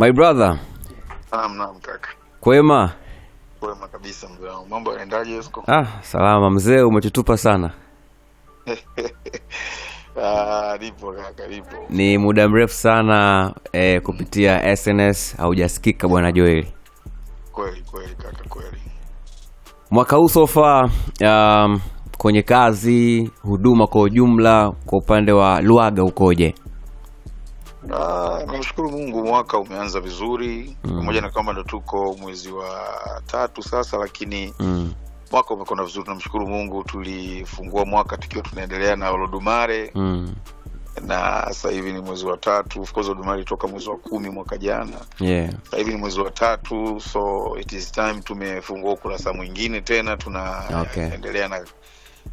My brother. Naam, naam kaka. Kwema? Kwema kabisa mzee wangu. Mambo yanaendaje huko? Ah, salama mzee, umetutupa sana. Ah, lipo kaka, lipo. Ni muda mrefu sana eh, kupitia SNS haujasikika bwana Joel. Kweli kweli kaka, kweli. Mwaka huu sofa um, kwenye kazi, huduma kwa ujumla, kwa upande wa Luhaga ukoje? Namshukuru Mungu, mwaka umeanza vizuri mm. pamoja mm. na kwamba ndo tuko mwezi wa tatu sasa, lakini mm. mwaka umekwenda vizuri, tunamshukuru Mungu. Tulifungua mwaka tukiwa tunaendelea na Olodumare mm. na sasa hivi ni mwezi wa tatu. Of course Olodumare toka mwezi wa kumi mwaka jana, yeah. Sasa hivi ni mwezi wa tatu, so it is time tumefungua ukurasa mwingine tena, tunaendelea okay. na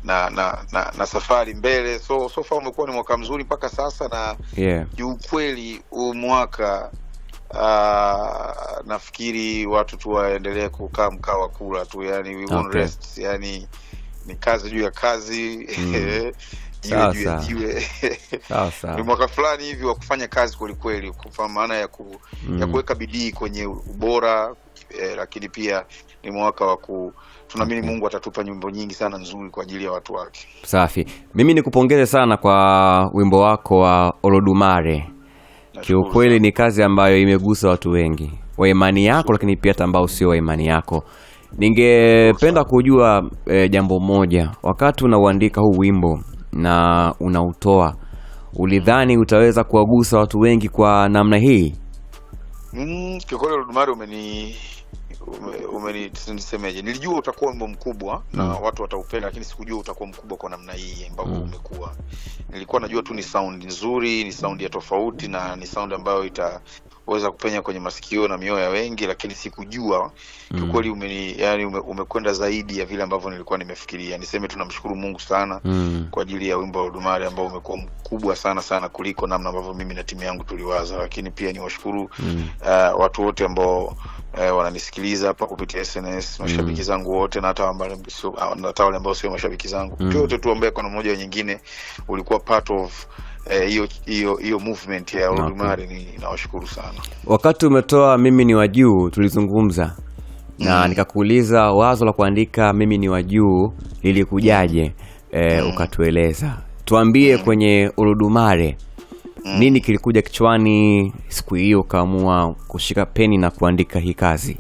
na na na, na safari mbele. So so far umekuwa ni mwaka mzuri mpaka sasa na yeah. Kiukweli huu mwaka uh, nafikiri watu tu waendelee kukaa mkaa wa kula tu yani, we won't okay. rest yani ni kazi juu ya kazi mm. jiwe jiwe ni mwaka fulani hivi wa kufanya kazi kwelikweli, kwa maana ya, ku, mm. ya kuweka bidii kwenye ubora eh, lakini pia ni mwaka wa ku tunaamini Mungu atatupa nyimbo nyingi sana nzuri kwa ajili ya watu wake. Safi, mimi nikupongeze sana kwa wimbo wako wa Olodumare. Kiukweli ni kazi ambayo imegusa watu wengi wa imani yako, lakini pia hata ambao sio wa imani yako. Ningependa kujua eh, jambo moja, wakati unauandika huu wimbo na unautoa, ulidhani utaweza kuwagusa watu wengi kwa namna hii? Mm, kiukweli Oludumare umeni umenisemeje, nilijua utakuwa wimbo mkubwa na mm. watu wataupenda, lakini sikujua utakuwa mkubwa kwa namna hii ambavyo mm. umekuwa. Nilikuwa najua tu ni saundi nzuri, ni saundi ya tofauti na ni saundi ambayo ita kuweza kupenya kwenye masikio na mioyo ya wengi, lakini sikujua mm. kiukweli. Ume, yani ume, umekwenda zaidi ya vile ambavyo nilikuwa nimefikiria. Niseme tunamshukuru Mungu sana mm. kwa ajili ya wimbo wa udumari ambao umekuwa mkubwa sana sana kuliko namna ambavyo mimi na timu yangu tuliwaza, lakini pia niwashukuru mm. uh, watu wote ambao uh, wananisikiliza hapa kupitia SNS, mm. mashabiki mm. zangu wote uh, na hata wale ambao sio mashabiki zangu mm. wote tu, ambaye kwa namna nyingine ulikuwa part of Eh, hiyo hiyo hiyo movement ya Oludumare ni nawashukuru sana. Wakati umetoa mimi ni wa juu, tulizungumza na mm. nikakuuliza wazo la kuandika mimi ni wa juu lilikujaje? E, mm. ukatueleza, tuambie mm. kwenye urudumare mm. nini kilikuja kichwani siku hiyo ukaamua kushika peni na kuandika hii kazi?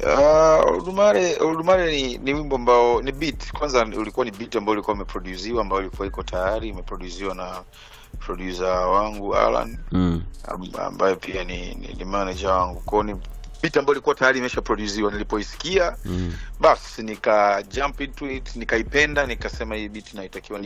Oludumare ah, uh, Oludumare ni, ni wimbo ambao ni beat kwanza, ulikuwa ni beat ambao ulikuwa umeproduziwa ambao ilikuwa iko tayari imeproduziwa na producer wangu Alan mm. ambaye pia ni, ni, ni manager wangu kwao ni beat ambayo ilikuwa tayari imeshaproduziwa. Nilipoisikia mm. basi nika jump into it, nikaipenda, nikasema hii beat naitakiwa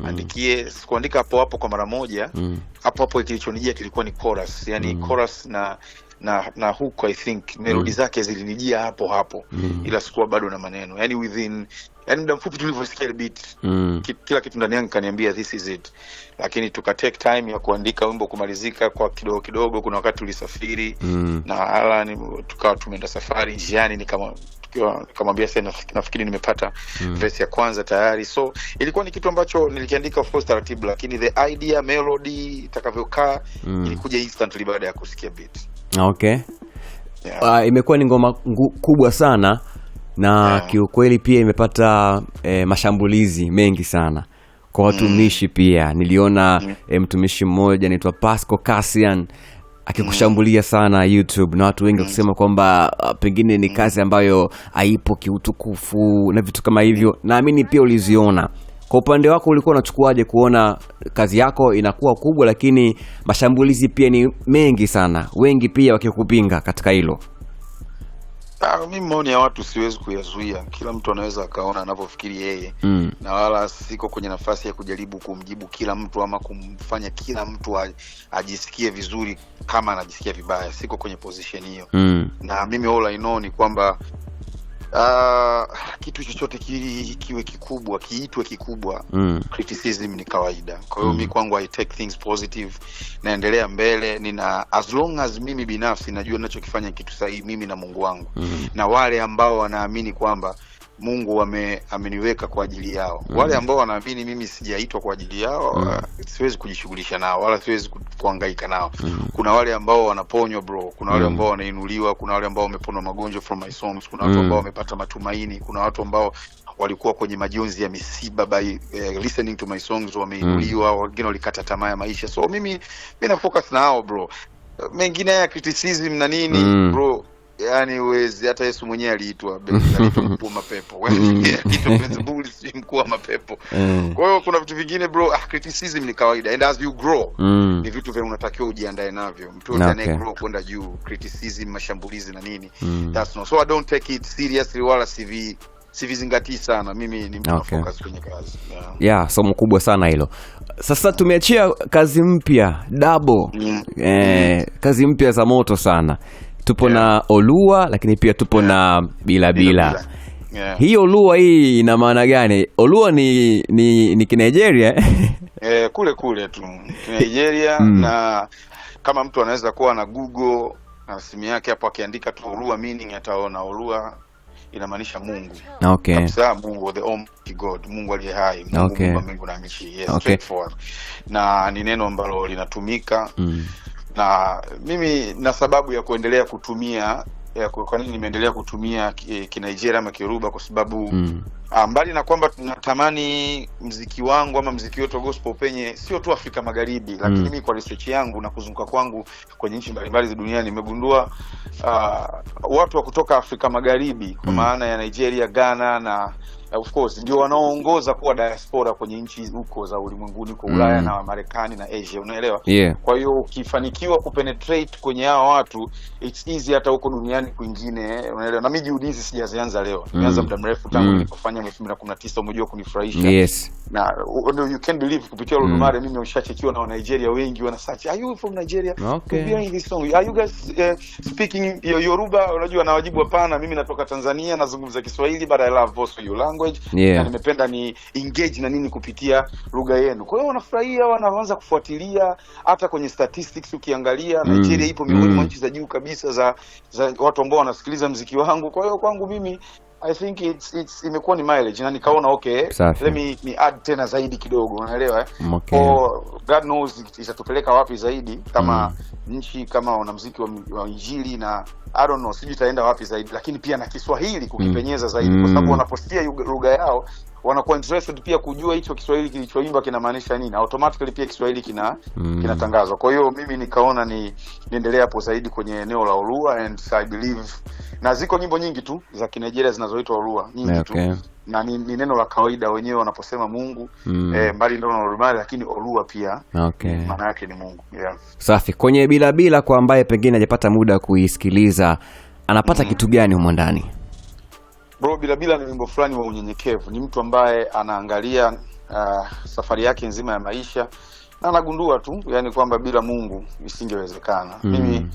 niandikie. Mm. Sikuandika hapo hapo kwa mara moja, mm. hapo mm. hapo kilichonijia kilikuwa ni chorus, yani mm. chorus na na na huko I think melodi mm. zake zilinijia hapo hapo mm. ila sikuwa bado na maneno yani within yani muda mfupi tulivyosikia ile beat mm. kila kitu ndani yangu kaniambia this is it, lakini tuka take time ya kuandika wimbo kumalizika kwa kidogo kidogo. Kuna wakati tulisafiri mm. na Alan tukawa tumeenda safari njiani, nikama nikamwambia sasa, nafikiri nimepata mm. verse ya kwanza tayari, so ilikuwa ni kitu ambacho nilikiandika of course taratibu, lakini the idea melody itakavyokaa mm. ilikuja instantly baada ya kusikia beat. Okay, yeah. Uh, imekuwa ni ngoma kubwa sana na yeah. Kiukweli pia imepata eh, mashambulizi mengi sana kwa mm. watumishi mm. Pia niliona mm. eh, mtumishi mmoja anaitwa Pasco Cassian akikushambulia mm. sana YouTube na watu wengi mm. wakisema kwamba ah, pengine ni kazi ambayo haipo kiutukufu na vitu kama hivyo. Naamini pia uliziona kwa upande wako, ulikuwa unachukuaje kuona kazi yako inakuwa kubwa, lakini mashambulizi pia ni mengi sana, wengi pia wakikupinga katika hilo? Mi maoni ya watu siwezi kuyazuia, kila mtu anaweza akaona anavyofikiri yeye mm. na wala siko kwenye nafasi ya kujaribu kumjibu kila mtu ama kumfanya kila mtu ajisikie vizuri kama anajisikia vibaya, siko kwenye position hiyo mm. na mimi all I know ni kwamba Uh, kitu chochote ki, ki kikubwa kiitwe kikubwa mm. Criticism ni kawaida, kwa hiyo mm. mi kwangu I take things positive, naendelea mbele, nina as long as mimi binafsi najua ninachokifanya kitu sahihi, mimi na Mungu wangu mm. na wale ambao wanaamini kwamba Mungu wame, ameniweka kwa ajili yao mm. Wale ambao wanaamini mimi sijaitwa kwa ajili yao mm. Uh, siwezi kujishughulisha nao wala siwezi kuangaika nao mm. Kuna wale ambao wanaponywa bro, kuna wale mm. ambao wanainuliwa, kuna wale ambao wameponwa magonjwa from my songs, kuna watu mm. ambao wamepata matumaini, kuna watu ambao walikuwa kwenye majonzi ya misiba by uh, listening to my songs wameinuliwa mm. Wengine walikata tamaa ya maisha, so mimi mimi na focus na hao bro, mengine ya criticism na nini mm. bro yani uwezi hata Yesu mwenyewe aliitwa mkuu wa mapepo yaani si mkuu wa mapepo. Eh. Kwa hiyo kuna vitu vingine bro, ah, criticism ni kawaida and as you grow mm. ni vitu vya unatakiwa ujiandae navyo mtu yote okay. anaye grow kwenda juu, criticism, mashambulizi na nini mm. that's no so I don't take it seriously wala CV sivizingatii sana mimi ni mtu okay. focus kwenye kazi yeah, yeah somo kubwa sana hilo sasa tumeachia kazi mpya double mm. eh, mm. kazi mpya za moto sana tupo yeah. na Olua lakini pia tupo yeah. na bilabila bila, bila. Yeah. Hii Olua hii ina maana gani? Olua ni ni, ni Kinigeria eh? eh, kule kule tu Kinigeria mm. na kama mtu anaweza kuwa na Google na simu yake hapo akiandika tu Olua meaning ataona Olua inamaanisha Mungu. Okay. Kabisa Mungu the God, Mungu aliye hai, Mungu okay. Mungu na nchi. Yes, okay. Na ni neno ambalo linatumika mm na mimi na sababu ya kuendelea kutumia kwa nini nimeendelea kutumia Kinigeria ama Kiruba kwa sababu mm. Ah, mbali na kwamba tunatamani mziki wangu ama mziki wetu gospel penye sio tu Afrika Magharibi mm. Lakini kwa research yangu na kuzunguka kwangu kwenye nchi mbalimbali za duniani nimegundua uh, watu wa kutoka Afrika Magharibi kwa mm. maana ya Nigeria, Ghana na of course ndio wanaoongoza kuwa diaspora kwenye nchi huko za ulimwenguni kwa mm. Ulaya mm. na Marekani na Asia, unaelewa yeah. Kwa hiyo ukifanikiwa kupenetrate kwenye hawa watu it's easy hata huko duniani kwingine, unaelewa. Na mimi juhudi hizi sijazianza leo, nimeanza mm. muda mrefu tangu mm ulifanya elfu mbili na kumi na tisa umejua kunifurahisha yes. na you can believe kupitia mm. mimi ushachekiwa na Wanigeria wengi are you from Nigeria okay. this song are you guys uh, speaking Yoruba unajua hapana mimi natoka Tanzania nazungumza Kiswahili but I love also your language yeah. na nimependa ni engage na nini kupitia lugha yenu kwa hiyo wanafurahia wanaanza kufuatilia hata kwenye statistics ukiangalia mm. Nigeria ipo miongoni mwa mm. nchi za juu kabisa za, za watu ambao wanasikiliza mziki wangu kwa hiyo kwangu mimi I think it's it's imekuwa ni mileage na nikaona okay Safi. let me, me add tena zaidi kidogo unaelewa eh? Mm, okay. Or God knows itatupeleka wapi zaidi kama mm. nchi kama wanamuziki wa, wa injili na I don't know sijui itaenda wapi zaidi, lakini pia na Kiswahili kukipenyeza zaidi mm. kwa sababu wanapostia lugha yao wanakuwa interested pia kujua hicho Kiswahili kilichoimba kinamaanisha nini, automatically pia Kiswahili kina mm. kinatangazwa. Kwa hiyo mimi nikaona ni niendelee hapo zaidi kwenye eneo la Olua and I believe, na ziko nyimbo nyingi tu za Kinigeria zinazoitwa Olua nyingi okay. tu na ni, ni neno la kawaida wenyewe wanaposema Mungu mm. eh, mbali ndio normal, lakini Olua pia okay. maana yake ni Mungu yeah. Safi. Kwenye bilabila, kwa ambaye pengine hajapata muda kuisikiliza anapata mm. kitu gani humo ndani? Bro Bilabila ni wimbo fulani wa unyenyekevu, ni mtu ambaye anaangalia uh, safari yake nzima ya maisha na anagundua tu yani kwamba bila Mungu isingewezekana. mm. mimi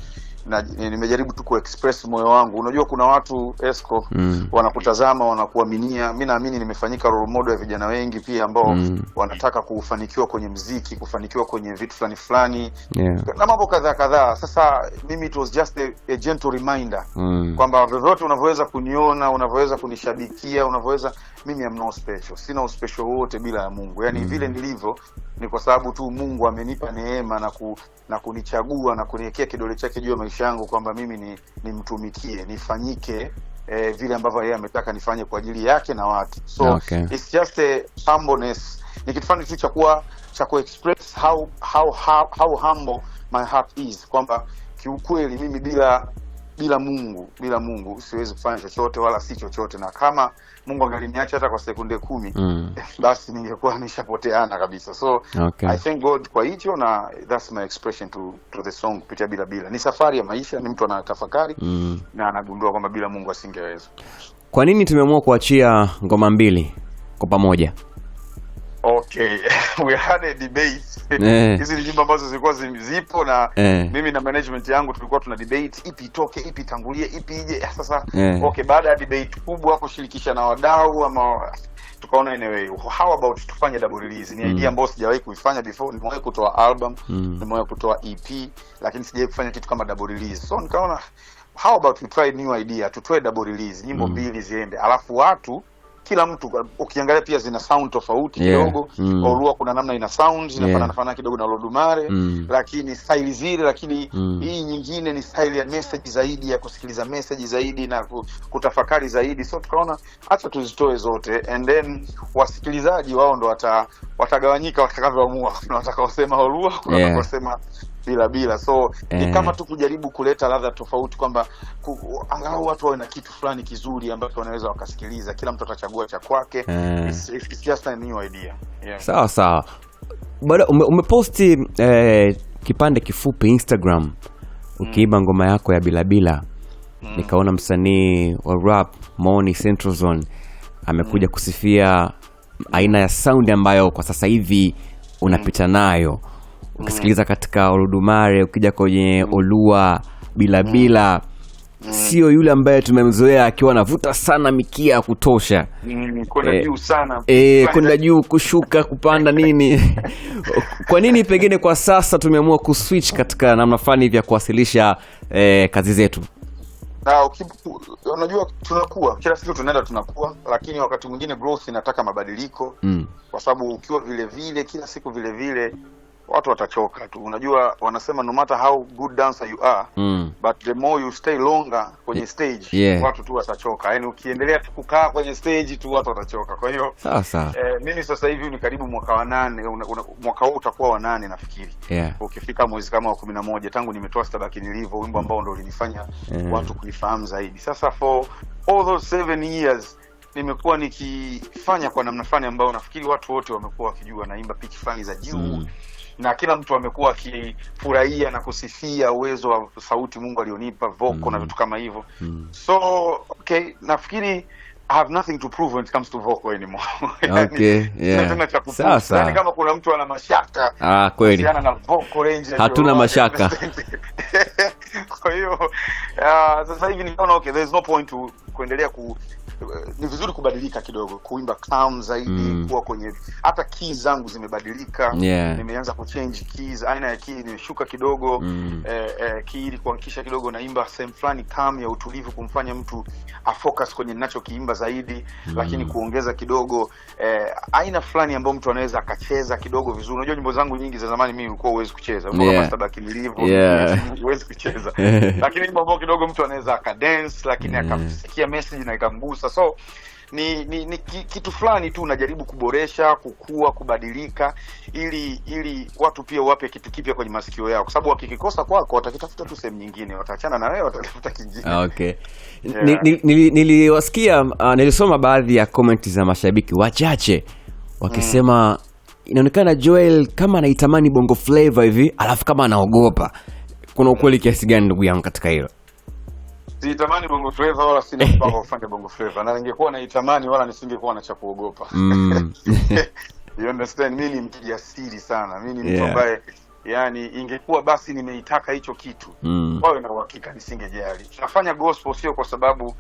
Eh, nimejaribu tu kuexpress moyo wangu. Unajua kuna watu Esco mm. wanakutazama wanakuaminia. Mi naamini nimefanyika role model ya vijana wengi pia ambao mm. wanataka kufanikiwa kwenye mziki, kufanikiwa kwenye vitu fulani fulani yeah. na mambo kadhaa kadhaa. Sasa mimi it was just a, a gentle reminder mm. kwamba vyovyote unavyoweza kuniona, unavyoweza kunishabikia, unavyoweza mimi am no special, sina uspesho wote bila ya Mungu, yaani mm. vile nilivyo ni kwa sababu tu Mungu amenipa neema na, ku, na kunichagua na kuniwekea kidole chake juu ya maisha yangu kwamba mimi ni nimtumikie nifanyike eh, vile ambavyo yeye ametaka nifanye kwa ajili yake na watu so okay. It's just a humbleness, ni kitu fulani tu cha kuwa cha kuexpress how, how, how, how humble my heart is kwamba kiukweli mimi bila bila Mungu, bila Mungu siwezi kufanya chochote wala si chochote, na kama Mungu angaliniacha hata kwa sekunde kumi mm. basi ningekuwa nishapoteana kabisa. So okay. I thank God kwa hicho, na that's my expression to, to the song kupitia bila bila. Ni safari ya maisha, ni mtu anatafakari mm. na anagundua kwamba bila Mungu asingeweza. Kwa nini tumeamua kuachia ngoma mbili kwa pamoja? Okay, we had a debate eh. hizi ni nyumba ambazo zilikuwa zipo na eh, mimi na management yangu tulikuwa tuna debate ipi itoke, ipi itangulie, ipi ije sasa eh. Okay, baada ya debate kubwa kushirikisha na wadau ama tukaona anyway, how about tufanye double release. Ni mm. idea ambayo sijawahi kuifanya before. Nimewahi kutoa album mm. nimewahi kutoa EP, lakini sijawahi kufanya kitu kama double release, so nikaona how about we try new idea, tutoe double release, nyimbo mm. mbili mm. ziende, alafu watu kila mtu ukiangalia pia zina sound tofauti kidogo. mm. orua kuna namna ina sound zinafanana yeah. fanana kidogo na lodumare mm. lakini style zile, lakini mm. hii nyingine ni style ya message zaidi ya kusikiliza message zaidi na kutafakari zaidi, so tukaona hata tuzitoe zote, and then wasikilizaji wao ndo wata watagawanyika watakavyoamua, kuna watakaosema orua kuna watakaosema bila bila, so eh, ni kama tu kujaribu kuleta ladha tofauti, kwamba angalau watu wawe na kitu fulani kizuri ambacho wanaweza wakasikiliza. Kila mtu atachagua cha kwake eh. yeah. Sawa sawa, bada umeposti ume eh, kipande kifupi Instagram mm. ukiiba mm, ngoma yako ya bilabila mm, nikaona msanii wa rap Moni Central Zone amekuja mm, kusifia aina ya saundi ambayo kwa sasa hivi unapita mm. nayo ukisikiliza mm. katika oludumare ukija kwenye mm. olua bila mm. bila mm. sio yule ambaye tumemzoea akiwa anavuta sana mikia ya kutosha mm, kwenda eh, juu eh, kushuka kupanda nini kwa nini pengine kwa sasa tumeamua kuswitch katika namna fulani vya kuwasilisha e, kazi zetu unajua tunakuwa kila siku tunaenda tunakuwa lakini wakati mwingine growth inataka mabadiliko mm. kwa sababu ukiwa vile vile kila siku vile vile watu watachoka tu. Unajua wanasema no matter how good dancer you are mm. but the more you stay longer kwenye stage yeah. watu tu watachoka, yaani ukiendelea tu kukaa kwenye stage tu watu watachoka. Kwa hiyo sasa eh, mimi sasa hivi ni karibu mwaka wa nane, una, una, mwaka huu utakuwa wa nane nafikiri yeah. ukifika mwezi kama wa kumi na moja tangu nimetoa stabaki nilivyo, wimbo mm. ambao ndo ulinifanya mm. watu kunifahamu zaidi. Sasa for all those seven years nimekuwa nikifanya kwa namna fani ambayo nafikiri watu wote wamekuwa wakijua naimba pichi fani za juu mm na kila mtu amekuwa akifurahia na kusifia uwezo wa sauti Mungu alionipa voko mm -hmm. na vitu kama hivyo mm -hmm. so okay, nafikiri I have nothing to prove when it comes to vocal anymore. Okay, yeah. Sasa yani kama kuna mtu ana mashaka ah, kweli na vocal range hatuna mashaka kwa hiyo uh, sasa hivi nikaona okay, there is no point to kuendelea ku ni vizuri kubadilika kidogo kuimba calm zaidi mm. kuwa kwenye hata key zangu zimebadilika yeah. nimeanza kuchange keys aina ya key nimeshuka kidogo mm. eh, eh, key ili kuhakikisha kidogo naimba sehemu fulani kam ya utulivu kumfanya mtu afocus kwenye ninachokiimba zaidi mm. lakini kuongeza kidogo eh, aina fulani ambayo mtu anaweza akacheza kidogo vizuri unajua nyimbo zangu nyingi za zamani mii ulikuwa huwezi kucheza yeah. yeah. huwezi kucheza lakini nyimbo ambao kidogo mtu anaweza akadance lakini mm. akamsikia message na ikamgusa so ni, ni, ni kitu fulani tu unajaribu kuboresha, kukua, kubadilika ili ili watu pia wape kitu kipya kwenye masikio yao, kwa sababu wakikikosa kwako watakitafuta tu sehemu nyingine, wataachana na wewe, watatafuta kingine. Okay, yeah. Niliwasikia ni, ni, uh, nilisoma baadhi ya komenti za mashabiki wachache wakisema mm. Inaonekana Joel kama anaitamani Bongo flavo hivi, alafu kama anaogopa. Kuna ukweli kiasi gani ndugu yangu katika hilo? siitamani bongo flavor wala sina mpango kufanya bongo flavor na ningekuwa naitamani wala nisingekuwa na cha kuogopa mm. you understand, mi ni mjasiri sana, mi ni mtu yeah. ambaye yani ingekuwa basi nimeitaka hicho kitu mm. wawe na uhakika nisingejali. Nafanya gospel sio kwa sababu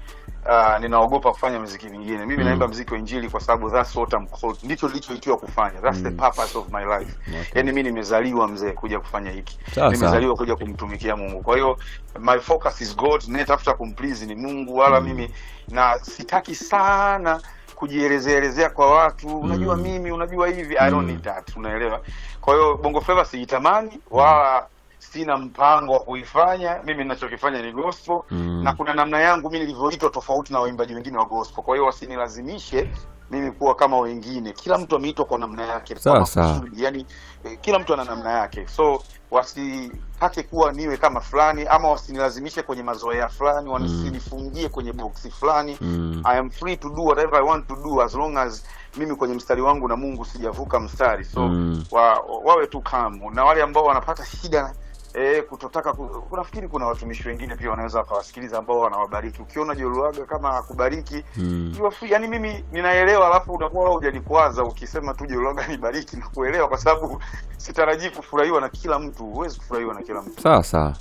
uh, ninaogopa kufanya mziki mingine mimi mm. naimba mziki wa injili kwa sababu that's what I'm called ndicho nilichoitiwa kufanya that's mm. the purpose of my life okay. yani mimi nimezaliwa mzee kuja kufanya hiki nimezaliwa kuja kumtumikia Mungu kwa hiyo my focus is God ni Mungu wala mm. mimi na sitaki sana kujielezeelezea kwa watu unajua mm. mimi unajua hivi mm. I don't mm. need that unaelewa kwa hiyo bongo fleva siitamani wala sina mpango wa kuifanya. Mimi ninachokifanya ni gospel mm. na kuna namna yangu mimi nilivyoitwa tofauti na waimbaji wengine wa gospel, kwa hiyo wasinilazimishe mimi kuwa kama wengine. Kila mtu ameitwa kwa namna yake, sawa sawa. Yani eh, kila mtu ana namna yake, so wasitake kuwa niwe kama fulani ama wasinilazimishe kwenye mazoea fulani, mm. wasinifungie mm. kwenye boksi fulani mm. I am free to do whatever I want to do as long as mimi kwenye mstari wangu na Mungu sijavuka mstari, so mm. wa, wawe tu kamu na wale ambao wanapata shida e, kutotaka kunafikiri kuna watumishi wengine pia wanaweza wakawasikiliza ambao wanawabariki. Ukiona joluaga kama hakubariki mm. yani mimi ninaelewa, alafu unakuwa wala hujanikwaza ukisema tu Jeluaga nibariki, kuelewa kwa sababu sitarajii kufurahiwa na kila mtu, huwezi kufurahiwa na kila mtu. Sawa sawa,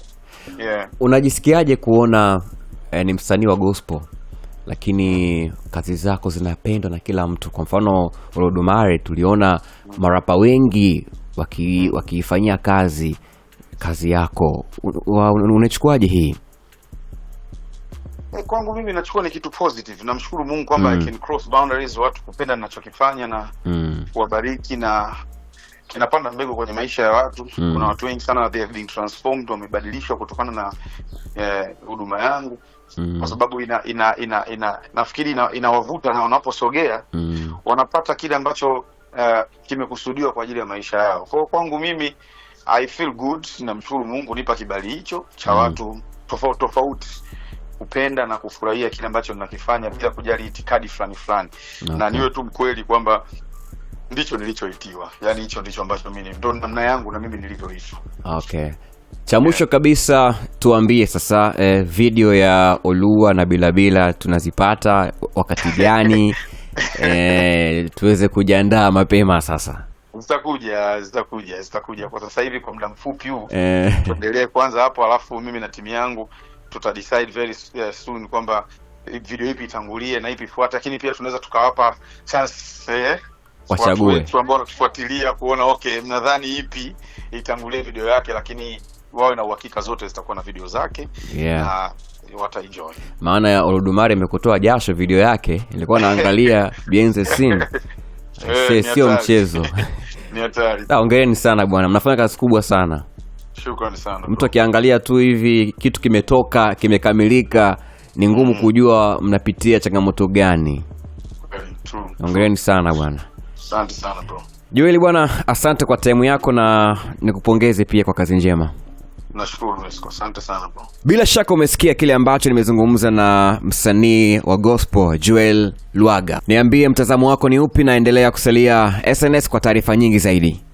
yeah. Unajisikiaje kuona eh, ni msanii wa gospel lakini kazi zako zinapendwa na kila mtu. Kwa mfano rodomare tuliona marapa wengi wakiifanyia waki kazi kazi yako unachukuaje hii? Hey, eh, kwangu mimi nachukua ni kitu positive. Namshukuru Mungu kwamba mm. I can cross boundaries, watu kupenda ninachokifanya na mm. kuwabariki na kinapanda mbegu kwenye maisha ya watu mm. Kuna watu wengi sana they have been transformed, wamebadilishwa kutokana na eh, huduma eh, yangu mm. kwa sababu ina, ina, ina, ina nafikiri inawavuta ina na wanaposogea mm. wanapata kile ambacho uh, kimekusudiwa kwa ajili ya maisha yao. Kwa kwangu mimi I feel good, namshukuru Mungu nipa kibali hicho cha mm. watu mm. tofauti tofauti kupenda na kufurahia kile ambacho ninakifanya bila kujali itikadi fulani fulani okay. na niwe tu mkweli kwamba ndicho nilichoitiwa, yani hicho ndicho ambacho mimi ndo namna yangu na mimi nilivyoishi. Okay, cha mwisho yeah. kabisa tuambie sasa eh, video ya Olua na Bilabila tunazipata wakati gani? eh, tuweze kujiandaa mapema sasa. Zitakuja, zitakuja, zitakuja. Kwa sasa hivi, kwa muda mfupi huu eh. tuendelee kwanza hapo, alafu mimi na timu yangu tuta decide very eh, soon kwamba video ipi itangulie na ipi ifuate, lakini pia tunaweza tukawapa chance eh, wachague watu ambao wanatufuatilia kuona okay, mnadhani ipi itangulie video yake, lakini wawe na uhakika zote zitakuwa na video zake yeah. na wataenjoy maana ya oludumari amekutoa jasho video yake, ilikuwa naangalia bienze Scene e, sio mchezo ongereni sana bwana, mnafanya kazi kubwa sana. sana. Mtu akiangalia tu hivi kitu kimetoka kimekamilika, ni ngumu mm, kujua mnapitia changamoto gani. Ongereni sana bwana. Asante sana bro. Joel bwana, asante kwa taimu yako na nikupongeze pia kwa kazi njema. Nashukuru asante sana bro. Bila shaka umesikia kile ambacho nimezungumza na msanii wa gospel Joel Lwaga. Niambie mtazamo wako ni upi, na kusalia SNS kwa taarifa nyingi zaidi.